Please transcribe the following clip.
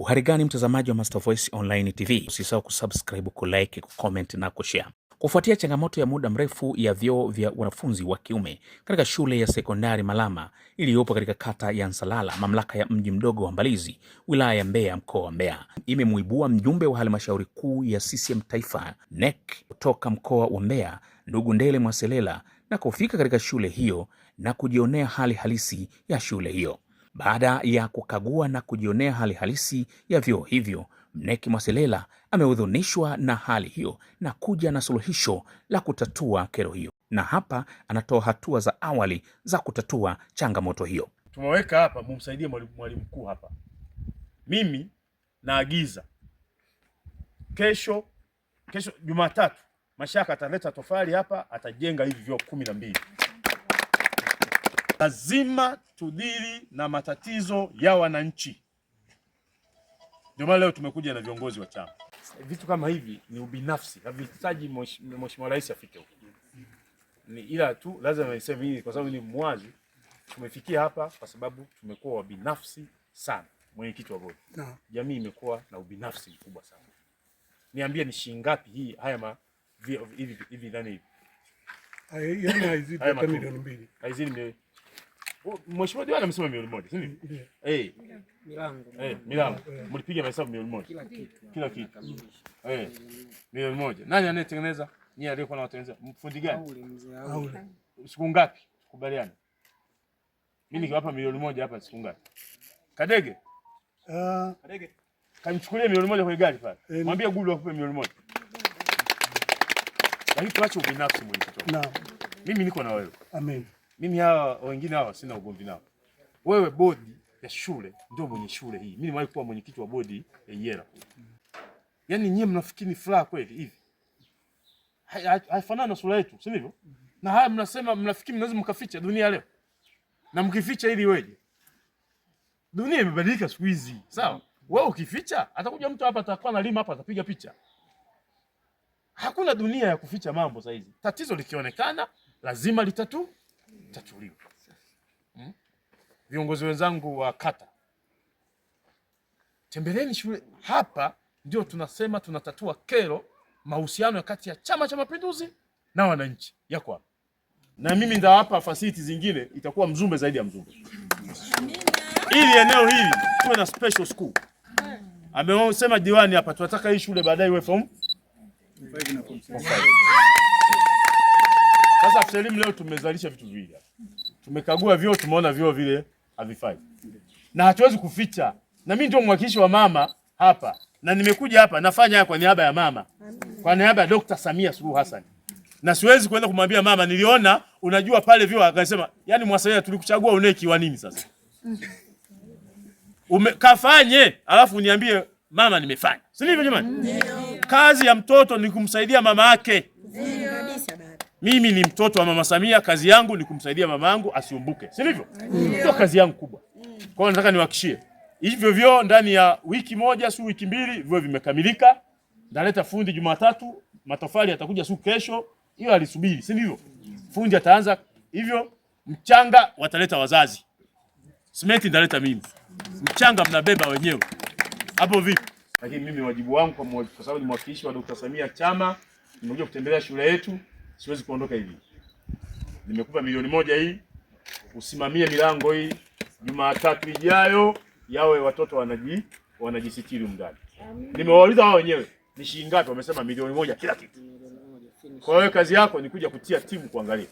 Uhari gani mtazamaji wa Master Voice Online TV, usisahau kusubscribe, kulike, kucomment na kushare. Kufuatia changamoto ya muda mrefu ya vyoo vya wanafunzi wa kiume katika shule ya sekondari Malama iliyopo katika kata ya Nsalala, mamlaka ya mji mdogo wa Mbalizi, wilaya ya Mbeya, mkoa wa Mbeya, imemwibua mjumbe wa halmashauri kuu ya CCM Taifa NEC kutoka mkoa wa Mbeya, ndugu Ndele Mwaselela na kufika katika shule hiyo na kujionea hali halisi ya shule hiyo. Baada ya kukagua na kujionea hali halisi ya vyoo hivyo, mneki Mwaselela amehudhunishwa na hali hiyo na kuja na suluhisho la kutatua kero hiyo, na hapa anatoa hatua za awali za kutatua changamoto hiyo. Tumeweka hapa mumsaidie mwalimu mkuu hapa. Mimi naagiza kesho, kesho Jumatatu, Mashaka ataleta tofali hapa, atajenga hivi vyoo kumi na mbili lazima tudili na matatizo ya wananchi. Ndio maana leo tumekuja na viongozi wa chama. Vitu kama hivi ni ubinafsi, havihitaji mheshimiwa rais afike huko, ni ila tu lazima niseme hivi kwa sababu ni mwazi. Tumefikia hapa kwa sababu tumekuwa wabinafsi sana. Mwenyekiti wa bodi, jamii imekuwa na ubinafsi mkubwa sana. Niambie, ni shilingi ngapi hii? Haya ma hivi hivi ndani hivi haizidi milioni mbili. Mheshimiwa Diwani amesema milioni moja, si ndio? Eh. Milango. Eh, milango. Mlipiga mahesabu milioni moja. Kila kitu. Kila kitu. Eh. Milioni moja. Nani anayetengeneza? Yeye aliyekuwa na watengeneza. Mfundi gani? Aule. Siku ngapi? Kubaliana. Mimi nikiwapa milioni moja hapa siku ngapi? Kadege. Ah. Kadege. Kamchukulie milioni moja kwenye gari pale. Eh. Mwambie Gulu akupe milioni moja. Lakini tuache ubinafsi mwenye kitoka. Naam. Mimi niko na wewe. Amen. Mimi hawa wengine hawa sina ugomvi nao. Wewe bodi ya shule ndio mwenye shule hii. Mimi nimewahi kuwa mwenyekiti wa bodi ya Yela. Yaani nyie mnafikiri furaha kweli hivi? Haifanani na sura yetu, si ndivyo? Na haya mnasema mnafikiri mnaweza mkaficha dunia leo. Na mkificha ili weje? Dunia imebadilika siku hizi, sawa? Wewe ukificha atakuja mtu hapa atakuwa analima hapa atapiga picha. Hakuna dunia ya kuficha mambo sasa hizi. Tatizo likionekana lazima litatu itachuliwa. Hmm? Viongozi wenzangu wa kata, tembeleni shule hapa. Ndio tunasema tunatatua kero, mahusiano ya kati ya Chama cha Mapinduzi na wananchi yako hapa, na mimi ndawapa fasiliti zingine, itakuwa Mzumbe zaidi ya Mzumbe ili eneo hili tuwe na special school. Amesema diwani hapa, tunataka hii shule baadaye iwe form Selim, leo tumezalisha vitu viwili, tumekagua vyoo, tumeona vyoo vile havifai na hatuwezi kuficha, na mimi ndio mwakilishi wa mama hapa na nimekuja hapa nafanya kwa niaba ya mama, kwa niaba ya Dr. Samia Suluhu Hassan, na siwezi kwenda kumwambia mama, niliona unajua pale vyoo, akasema yani, Mwasalia tulikuchagua uneki wa nini sasa umekafanye alafu niambie mama nimefanya, si ndivyo jamani? Kazi ya mtoto ni kumsaidia mama yake. Mimi ni mtoto wa mama Samia, kazi yangu ni kumsaidia mamangu asiumbuke, si ndivyo? Ndio kazi yangu kubwa. Kwa hiyo nataka niwahakishie hivyo vyo, ndani ya wiki moja, si wiki mbili, vyo vimekamilika. Ndaleta fundi Jumatatu, matofali yatakuja siku kesho, hiyo alisubiri, si ndivyo? Fundi ataanza hivyo, mchanga wataleta wazazi, simenti ndaleta mimi, mchanga mnabeba wenyewe hapo, vipi? Lakini mimi wajibu wangu kwa sababu ni mwakilishi wa Dr. Samia chama, nimekuja kutembelea shule yetu siwezi kuondoka hivi. Nimekupa milioni moja hii, usimamie milango hii. Jumatatu ijayo yawe watoto wanaji wanajisitiri mndani. Nimewauliza wao wenyewe ni shilingi ngapi, wamesema milioni moja kila kitu. Kwa hiyo kazi yako ni kuja kutia timu kuangalia